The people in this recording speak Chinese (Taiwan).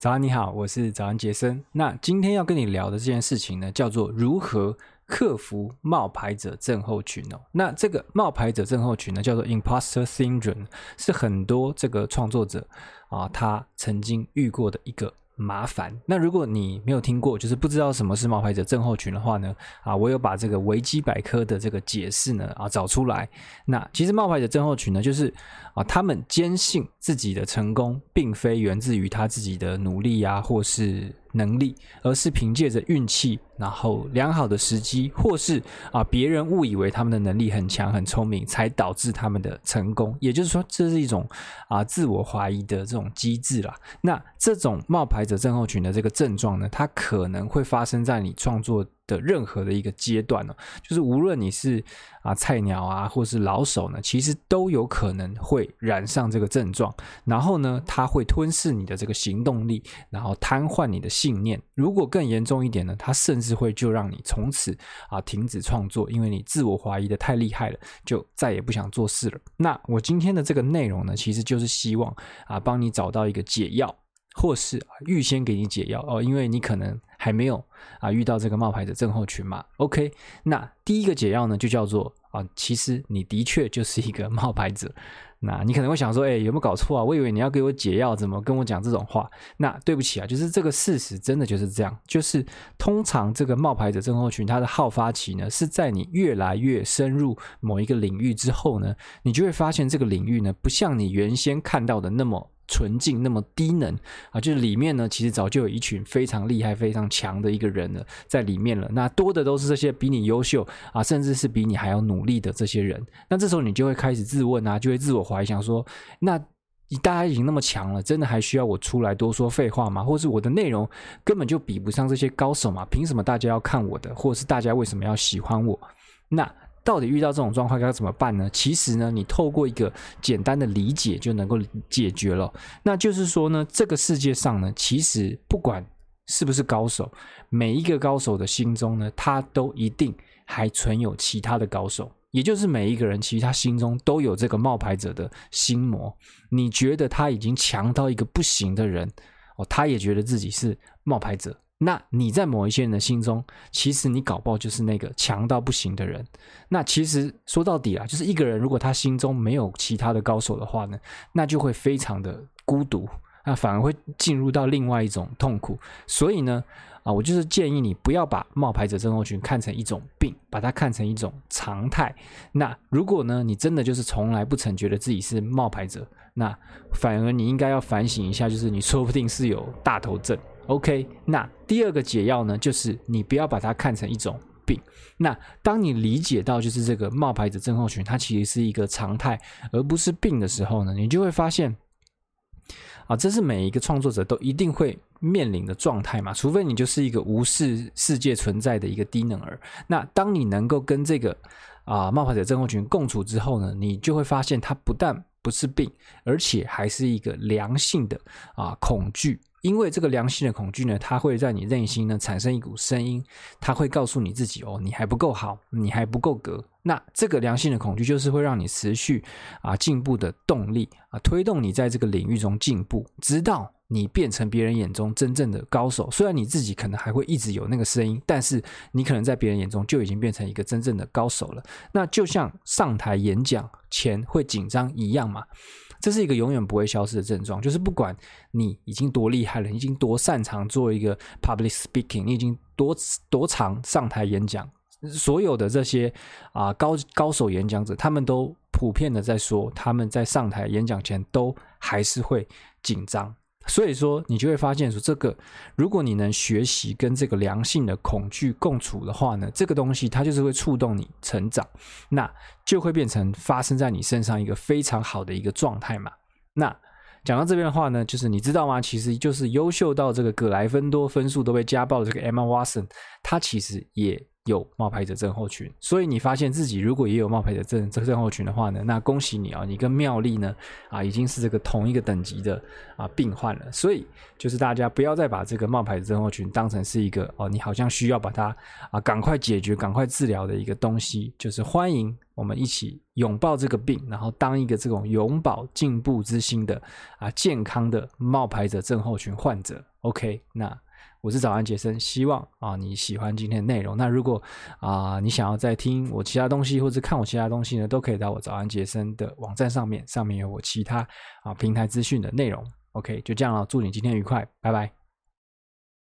早安，你好，我是早安傑森。那今天要跟你聊的這件事情呢，叫做如何克服冒牌者症候群哦。那這個冒牌者症候群呢，叫做 Impostor syndrome，是很多這個創作者啊，他曾經遇過的一個。麻煩。那如果你沒有聽過，就是不知道什麼是冒牌者症候群的話呢，啊，我有把這個維基百科的這個解釋呢啊找出來。那其實冒牌者症候群呢，就是啊，他們堅信自己的成功並非源自於他自己的努力啊，或是。能力，而是憑借着運氣，然後良好的時機，或是啊別人誤以為他們的能力很強、很聰明，才導致他們的成功。也就是說，這是一種啊自我懷疑的這種機制啦。那這種冒牌者症候群的這個症狀呢，它可能會發生在你創作。的任何的一個階段呢，就是無論你是啊菜鳥啊，或是老手呢，其實都有可能會染上這個症狀。然後呢，它會吞噬你的這個行動力，然後癱瘓你的信念。如果更嚴重一點呢，它甚至會就讓你從此啊停止創作，因為你自我懷疑得太厲害了，就再也不想做事了。那我今天的這個內容呢，其實就是希望啊幫你找到一個解藥，或是預先給你解藥哦，因為你可能。還沒有啊，遇到這個冒牌者症候群嗎？OK，那第一個解藥呢，就叫做啊，其實你的確就是一個冒牌者。那你可能會想說，哎，有沒有搞錯啊？我以為你要給我解藥，怎麼跟我講這種話？那對不起啊，就是這個事實真的就是這樣。就是通常這個冒牌者症候群，它的好發期呢，是在你越來越深入某一個領域之後呢，你就會發現這個領域呢，不像你原先看到的那麼。純淨那麼低能啊，就是裡面呢，其實早就有一群非常厲害、非常強的一個人了，在裡面了。那多的都是這些比你優秀啊，甚至是比你還要努力的這些人。那這時候你就會開始自問啊，就會自我懷疑，想說：那大家已經那麼強了，真的還需要我出來多說廢話嗎？或是我的內容根本就比不上這些高手嘛？憑什麼大家要看我的？或者是大家為什麼要喜歡我？那，到底遇到這種狀況該怎麼辦呢？其實呢，你透過一個簡單的理解就能夠解決了。那就是說呢，這個世界上呢，其實不管是不是高手，每一個高手的心中呢，他都一定還存有其他的高手。也就是每一個人，其實他心中都有這個冒牌者的心魔。你覺得他已經強到一個不行的人哦，他也覺得自己是冒牌者。那你在某一些人的心中，其實你搞不好就是那個強到不行的人。那其實說到底啊，就是一個人如果他心中沒有其他的高手的話呢，那就會非常的孤獨，那反而會進入到另外一種痛苦。所以呢，啊，我就是建議你不要把冒牌者症候群看成一種病，把它看成一種常態。那如果呢，你真的就是從來不曾覺得自己是冒牌者，那反而你應該要反省一下，就是你說不定是有大頭症。OK，那第二個解藥呢，就是你不要把它看成一種病。那當你理解到就是這個冒牌者症候群，它其實是一個常態，而不是病的時候呢，你就會發現，啊，這是每一個創作者都一定會面臨的狀態嘛，除非你就是一個無視世界存在的一個低能兒。那當你能夠跟這個啊冒牌者症候群共處之後呢，你就會發現，它不但不是病，而且還是一個良性的啊恐懼。因為這個良性的恐懼呢，它會在你內心呢產生一股聲音，它會告訴你自己哦，你還不夠好，你還不夠格。那這個良性的恐懼就是會讓你持續啊進步的動力啊，推動你在這個領域中進步，直到你變成別人眼中真正的高手。雖然你自己可能還會一直有那個聲音，但是你可能在別人眼中就已經變成一個真正的高手了。那就像上台演講前會緊張一樣嘛。這是一個永遠不會消失的症狀，就是不管你已經多厲害了，你已經多擅長做一個 public speaking，你已經多多常上台演講，所有的這些啊、呃、高高手演講者，他們都普遍的在說，他們在上台演講前都還是會緊張。所以說，你就會發現說，這個如果你能學習跟這個良性的恐懼共處的話呢，這個東西它就是會觸動你成長，那就會變成發生在你身上一個非常好的一個狀態嘛。那講到這邊的話呢，就是你知道嗎？其實就是優秀到這個葛萊芬多分數都被加爆的這個 Emma Watson，他其實也，有冒牌者症候群，所以你發現自己如果也有冒牌者症症候群的話呢，那恭喜你啊，你跟妙麗呢啊已經是這個同一個等級的啊病患了。所以就是大家不要再把這個冒牌者症候群當成是一個哦，你好像需要把它啊趕快解決、趕快治療的一個東西，就是歡迎我們一起擁抱這個病，然後當一個這種永保進步之心的啊健康的冒牌者症候群患者。OK，那。我是早安傑森，希望啊、呃、你喜歡今天的內容。那如果啊、呃、你想要再聽我其他東西，或者看我其他東西呢，都可以到我早安傑森的網站上面，上面有我其他啊、呃、平台資訊的內容。OK，就這樣了，祝你今天愉快，拜拜。